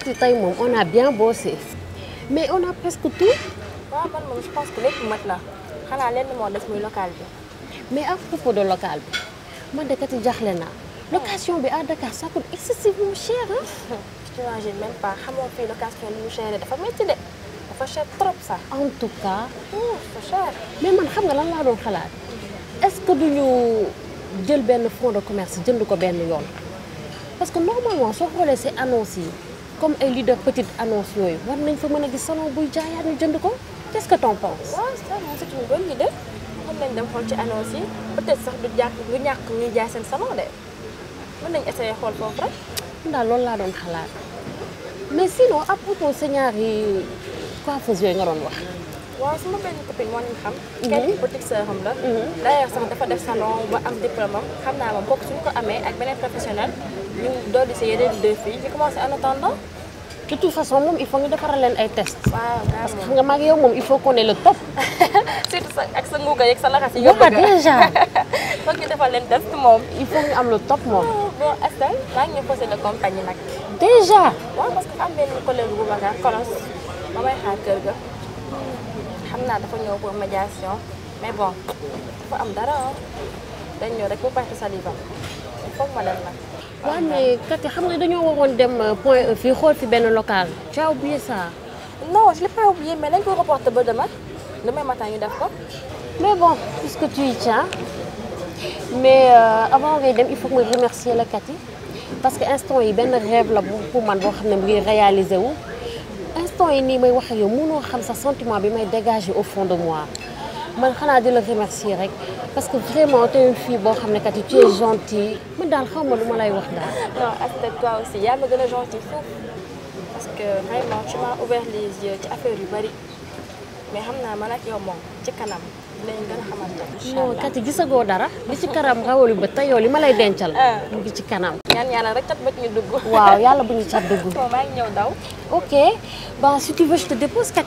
Fatou tey on a bien bossé mais on a presque tout. Ah, man je pense que lépp mat là. xanaa lenn mo def muy local bi. mais à propos de local bi man de kat jaxle location bi à Dakar ça coûte excessivement cher hein? je je n'imagine même pas xamoo le location bi cher dafa metti de dafa cher trop ça. en tout cas. Hmm, c'est cher. mais man xam nga lan la doon xalaat est-ce que duñu jël benn fonds de commerce jënd ko benn yoon parce que normalement soo xoolee si annonce yi comme ay leader petite annonce yooyu war nañ fa mëna gis salon buy jaayaat ñu jënd ko qu'est-ce que t'en penses. waaw salon c'est une bonne idée mën nañ dem xool ci annonce yi peut-être sax du jàkk du ñàkk ñuy jaay seen salon de mën nañ essayer xool foofu rek. ndax loolu laa doon xalaat mais sinon à propos sa quoi coiffeuse yooyu nga doon wax. waaw sama benn copine moo leen xam. Mhm. la. Mhm. dafa def salon ba am diplôme am xam naa moom kooku amee ak beneen professionnel ñu doon di si yeneen deux filles ñu il faut ñu defaral leen ay test. waaw parce que xam moom il faut qu'on ait le top. surtout ak sa nguuga yeeg sa laxas yi. yóbbu nga déjà. foog defal leen test moom. il am le top moom. Oh, bon Astel maa ngi ñu posé le compagnie nag. déjà. waaw parce que am benn collègue bu ma kolos ma may xaar kër ga. Je dafa pour médiation mais bon am dara dañ rek ko faire saliva ne mais euh, e local. tu as oublié ça. non je l'ai pas oublié mais je ko reporter demain matin mais bon puisque tu y tiens mais euh, avant il faut que je remercie la parce que instant yi y rêve pour man je ne may wax xam sa sentiment bi au fond de moi man xanaa di remercier parce que vraiment une une fille xam ne kat tu es gentille man daal lu lay wax toi aussi gentille parce que vraiment tu m'as ouvert les yeux ci affaire yu mais xam naa man ak ci kanam. dinañ gën a gisagoo dara. li ci kanam nga wóolu bët te yow li ma lay dencal. Ah. mu ngi ci kanam. ñaan yàlla rek cat bët ñu dugg. waaw yàlla bu ñu cat dugg. bon maa ngi ok bon su tu veux je te dépose kat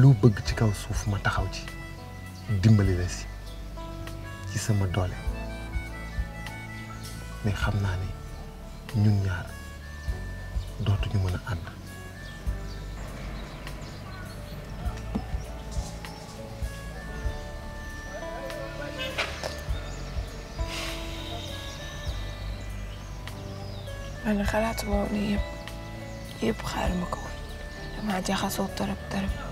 lu bëgg ci kaw suuf ma taxaw ci dimbali la si ci sama doole mais xam naa ne ñun ñaar dootuñu mën a ànd man xalaatuma woon ne yëpp yëpp xaar ma ko woon damaa jaxasoo torop torop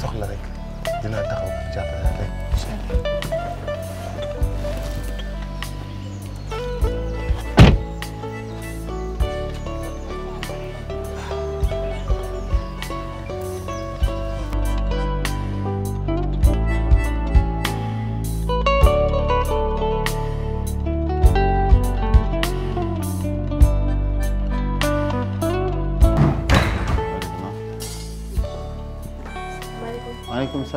soxla rek dinaa taxaw jàppale rek.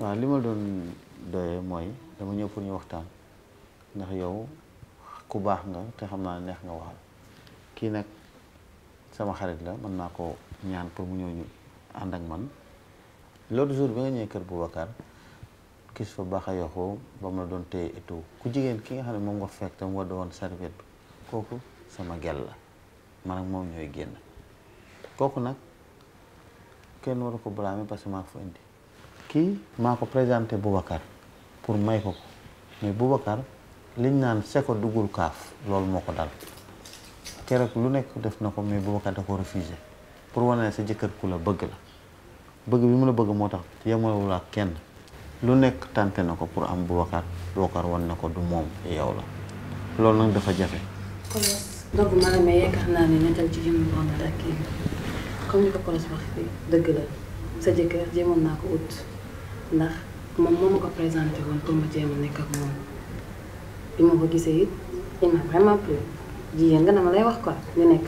waaw li ma doon doyee mooy dama ñëw pour ñu waxtaan ndax yow ku baax nga te xam naa neex nga waxal kii nag sama xarit la mën naa ko ñaan pour mu ñëw ñu ànd ak man l'autre jour bi nga ñëwee kër Boubacar gis fa baax a yoxoo ba mu doon téye et ku jigéen ki nga xam ne moom nga fekk te mu war doon serviette bi kooku sama gel la man ak moom ñooy génn kooku nag kenn waru ko blâmer parce maa ko indi kii maa ko présenté Boubacar pour may ko ko mais Boubacar liñ naan seko duggul kaaf loolu moo ko dal keroog lu nekk def na ko mais Boubacar da ko refusé pour wane ne sa jëkkër ku la bëgg la bëgg bi mun a bëgg moo tax yemewul kenn lu nekk tànte na ko pour am Boubacar Boubacar wan na ko du moom yow la loolu nag dafa jafe. ndax moom moo ma ko présenté woon pour ma jéem a nekk ak moom bi ma ko gisee it il m'a vraiment jigéen nga dama lay wax ko ñu nekk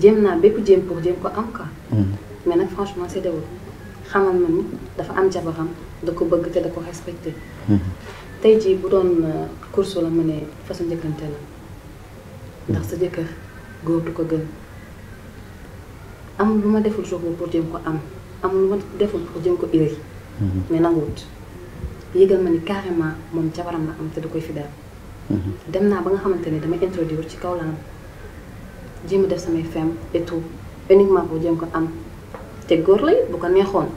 jéem naa bépp jéem pour jéem ko am quoi. Hmm. mais nag franchement c'est déwul xamal ma ni dafa am jabaram da ko bëgg te da ko respecté. Hmm. tey jii bu doon euh, course la mu ne façon njëkkante la ndax sa jëkkër góor du ko gën am lu ma deful jour pour jéem ko am am lu ma deful pour jéem ko iri. mais nanguwut yëgal ma ni carrément moom jabaram la am te dukoy koy fidèle dem na ba nga xamantene dama introduire ci kaw laam def samay fem et tout uniquement pour jéem ko am te gor lay bu ko neexoon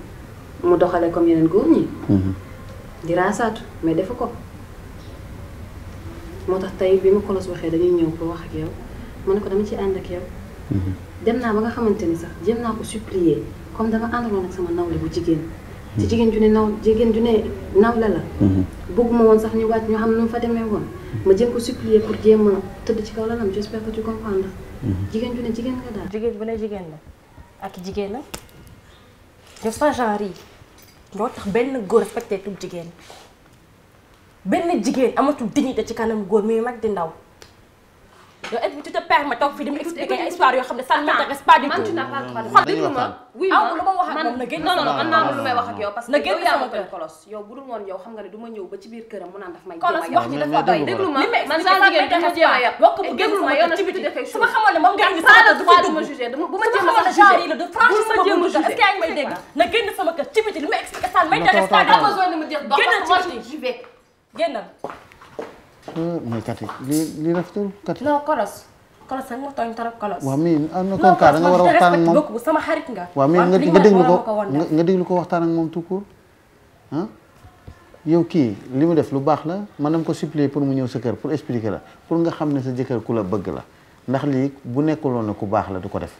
mu doxale comme yenen gor ñi di raasaatu mais defu ko moo tax tey bi ma kolos waxee dañuy ñew ko wax ak yow ma ko dama ci and ak yow mhm. dem na ba nga xamante sax jéem na ko supplier comme dama andalon ak sama nawle bu jigen ci jigéen ju ne naw jigéen ju ne naw la la mhm. bëgguma woon sax ñu wàcc ñoo xam nu mu fa demee woon mhm. ma jéem ko supplier pour jéem a tëdd ci kaw lalam j'espère que ci comprends mhm. jigéen ju ne jigéen nga daal jigéen bu ne jigéen la ak jigéen la def sa genre yi ñoo tax benn góor respecté tul jigéen benn jigéen amatul dignité ci kanam góor muy mag di ndaw yow tu te permets toog fii di ma expliquer ay histoire yoo xam ne ça ne m'intéresse pas du tout. man tu n'as pas le droit de xool déglu ma oui ma lu ma wax ak moom na génn non non non man naa ma lu may wax ak yow parce que yow yaa ma koy kolos yow bu dul woon yow xam nga ne du ma ñëw ba ci biir këram mu naan daf may kolos wax ji dafa doy déglu ma man saa jigéen du ma jéem a yab wax ko déglu ma yow na ci defee su ma xamoon ne moom nga ngi pas le droit de me juger bu ma jéem a juger la de franchement bu ma juger est-ce que yaa ngi may dégg na génn sama kër ci biti li ma expliquer ça ne m'intéresse pas, pas besoin de me dire génnal ci biti j'y vais génnal mais Kati lii lii rafetul Kati. non Koros na comme cas nga war a waxtaan ak déglu ko nga déglu ko waxtaan ak moom tout yow kii li mu def lu baax la man dama ko supplier pour mu ñëw sa kër pour expliquer la pour nga xam ne sa jëkkër ku la bëgg la ndax lii bu nekkuloon ne ku baax la du ko def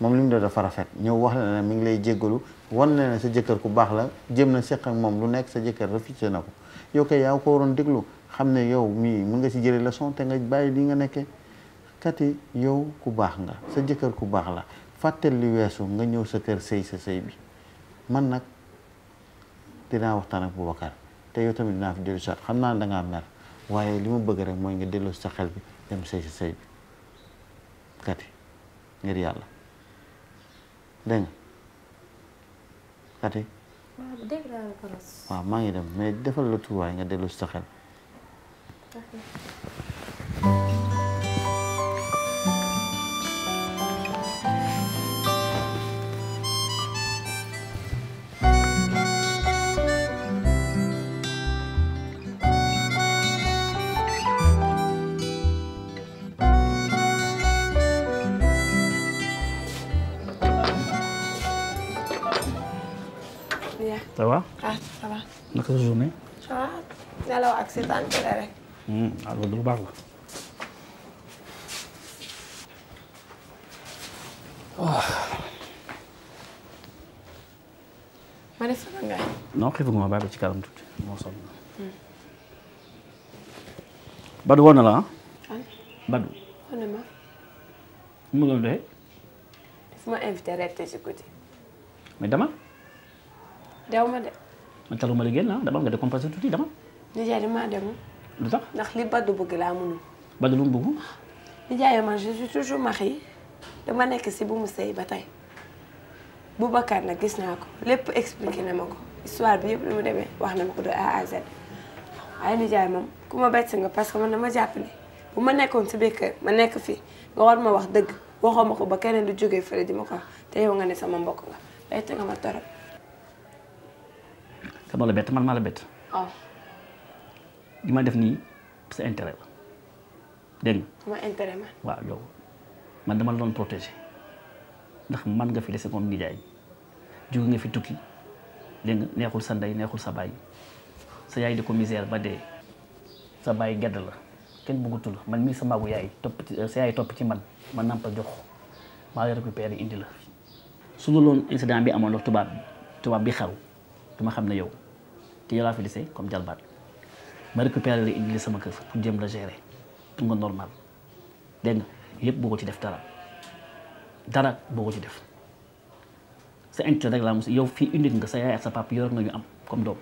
moom li mu def dafa rafet ñëw wax la ne mi ngi lay jéggalu wan la ne sa jëkkër ku baax la jëm na seq ak moom lu nekk sa jëkkër refusé na ko yow kay yaa ko waroon déglu. xam ne yow mii mën nga si jëlee leçon te nga bàyyi li nga nekkee kati yow ku baax nga sa jëkkër ku baax la fàtteel li weesu nga ñëw sa kër sëy sa sëy bi man nag dinaa waxtaan ak Boubacar te yow tamit dinaa fi dellu si xam naa ne dangaa mer waaye li ma bëgg rek mooy nga dellu sa xel bi dem sëy sa sëy bi kati ngir yàlla dégg nga kati waaw maa ngi dem mais defal la tuwaay nga dellu sa xel Ça iya. va? Ah, ça va. On a quelque chose de journée? Ça va. Hmm, ah loolu lu baax la. Oh. ma def sama ngaay. non xiifu nga ma ba ci kanam tuuti moo sonn. Badou woon na la ah. Badou. woon ma. mu ngi doon doxee. daf ma invité rete ci guddi. mais dama. daw ma de. ma taluma la génn ah dama nga décompressé tuuti dama. nijaay damaa demoon. lu tax ndax li Badou bëgg laa mënul. Badou lu mu bëgg. nijaay man je suis toujours mariée dama nekk si bu mu sëy ba tey Boubacar nag gis naa ko lépp expliqué na ma ko histoire bi yëpp lu mu demee wax na ma ko de A à Z waaye nijaay moom ku ma bett nga parce que man dama jàpp ne bu ma nekkoon si biir kër ma nekk fii nga war ma wax dëgg waxoo ma ko ba keneen du jógee fële di ma ko wax te yow nga ne sama mbokk nga bett nga ma torop. dama la bett man maa la bett. waaw. li ma def ni sa intérêt la dégg nga. ma intérêt ma. wa yow man dama la doon protéger ndax man nga fi dese moom nidaay jóge nga fi tukki dégg nga neexul sa nday neexul sa bay sa yaay di ko misère ba dé sa bay gedd la kenn bëggatul man mi sa maagu yaay top ci eh, sa yaay top ci man man nampa jox ma la récupérer indi la su dul loon incident bi amoon la tuba bi tubaab bi xaru dama xam yow ki yow fi dese comme jalbaat ma récupérer ya. la indi sama keuf pour dem la gérer pour nga normal deng nga yépp boo ci def dara dara boo ci def sa intérêt rek la mos yow fii unique nga sa yaay ak sa papa yor nga ñu am comme doom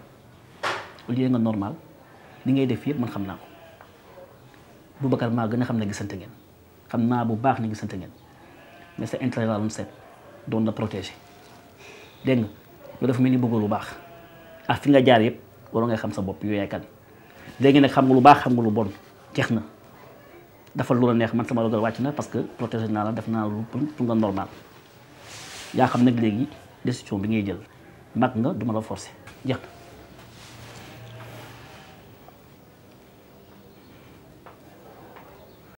au lieu nga normal li ngay def yépp man xam naa ko Boubacar maa gën a xam ne gisante ngeen xam naa bu baax ne gisante ngeen mais sa intérêt la doon seet doon la protéger dégg nga yow dafa mel ni bëggul lu baax ak fi nga jaar yëpp waroo ngay xam sa bopp yow ya kan léegi nag xam nga lu baax xam nga lu bon jeex na dafa lu la neex man sama dogal wàcc na parce que protégé naa la def naa lu pour nga normal yaa xam nag léegi décision bi ngay jël mag nga duma la forcer jeex